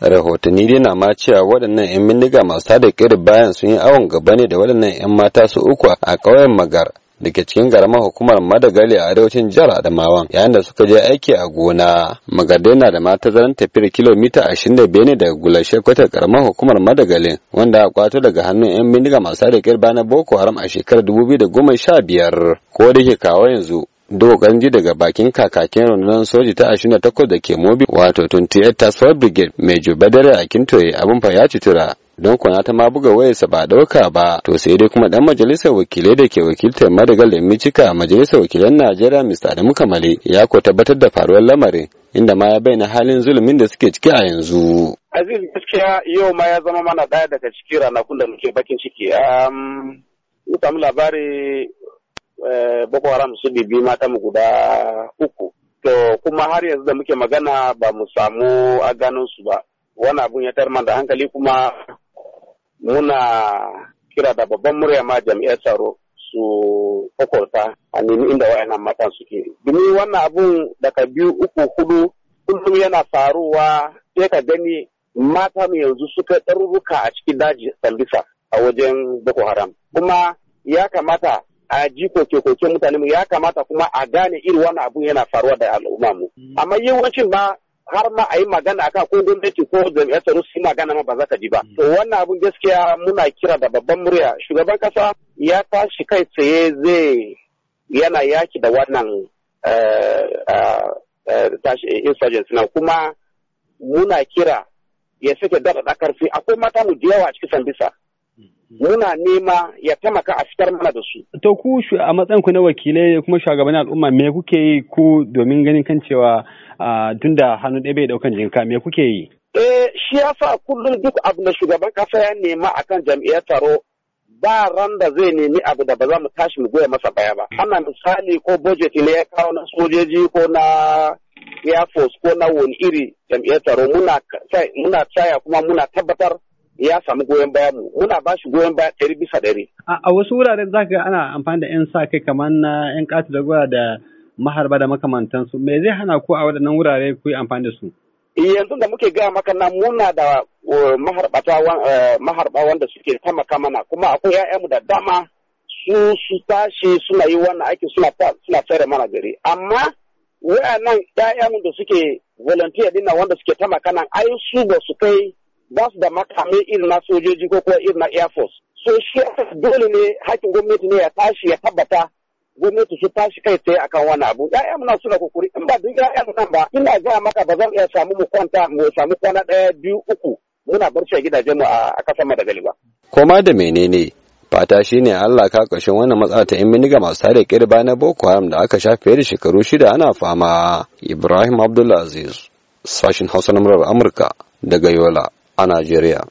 rahotanni dai na ma cewa waɗannan 'yan bindiga masu tada kirin bayan sun yi awon gaba ne da waɗannan 'yan mata su uku a ƙauyen magar da ke cikin garamar hukumar madagali a arewacin jihar adamawan yayin da suka je aiki a gona magadai na da mata zaren tafiyar kilomita ashirin da biyar ne daga gulashe kwata karamar hukumar madagali wanda a kwato daga hannun yan bindiga masu da kirba na boko haram a shekarar dubu biyu da goma sha biyar ko da ke kawo yanzu ji daga bakin kakakin rundunar soji ta da takwas da ke mobi wato 28 task force brigade mai dare a kintoye abin fa ya citura don kuna ta ma buga wayarsa ba dauka ba to sai dai kuma dan majalisar wakilai da ke wakiltar madagal da micika a majalisar wakilan najeriya mr adamu kamale ya ko tabbatar da faruwar lamarin inda ma ya bayyana halin zulumin da suke ciki a yanzu aziz gaskiya yau ma ya zama mana daya daga cikin ranakun da muke bakin ciki mun samu labari Eh, boko haram su bibi mata mu guda uku to kuma har yanzu da muke magana ba mu samu a ganin su ba wani abun ya tarman da hankali kuma muna kira da babban murya ma jami'ar tsaro su kwakwalta a nemi inda wa'annan matan suke domin wannan abun daga biyu uku hudu kullum yana faruwa sai ka gani mata mu yanzu suka ɗaruruka a cikin daji sambisa a wajen boko haram kuma ya kamata a ji koke-koke mutane mu ya kamata kuma a gane irin wannan abu yana faruwa da al'umma mu. Mm. Amma yawancin ma har ma a yi magana akan ko gwamnati ko jami'ar tsaro su yi magana ma ba za ka ji ba. Mm. To wannan abun gaskiya muna kira da babban murya shugaban kasa ya tashi kai tsaye zai yana yaki da wannan eh, eh, eh, insurgency na kuma muna kira ya sake daɗaɗa ƙarfi akwai mata mu da yawa a cikin sandisa. muna nema ya taimaka a fitar mana da su. To ku a matsayin ku na wakilai kuma shugabannin al'umma me kuke yi ku domin ganin kan cewa tunda hannu ɗaya bai ɗaukan jinka me kuke yi? Eh shi ya yasa kullum duk abu da shugaban kasa ya nema akan jam'iyyar taro ba ran da zai nemi abu da ba za mu tashi mu goya masa baya ba. Hmm. Ana misali ko budget ne ya kawo na sojoji ko na Air Force ko na wani iri jam'iyyar taro muna muna kuma muna tabbatar ya samu goyon baya mu muna ba shi goyon baya ɗari bisa ɗari. A wasu wuraren za ka ana amfani da 'yan sa kai kamar na 'yan ƙati da gura da maharba da makamantansu me zai hana ku a waɗannan wurare ku yi amfani da su? Eh, yanzu da muke gaya maka na muna da maharbata eh, maharba wanda suke taimaka mana kuma akwai 'ya'yanmu da dama su su tashi suna yi wannan aikin suna suna tsare mana gari amma wa'annan 'ya'yanmu da suke volunteer dinna wanda suke taimaka nan ai su ba su kai ba su da makamai irin na sojoji ko kuma irin na air force so shi dole ne hakin gwamnati ne ya tashi ya tabbata gwamnati su tashi kai tsaye akan wani abu Yaya na suna kokuri in ba duk ƴaƴan nan ba ina gaya maka ba zan iya samu mu kwanta mu samu kwana ɗaya biyu uku muna barci a mu a ƙasar madagali ba. koma da menene fata shine Allah ka ƙarshen wannan matsala ta yan miniga masu tare kirba na Boko Haram da aka sha fiye da shekaru shida ana fama Ibrahim Abdulaziz sashin Hausa na Amurka daga Yola. a Najeriya.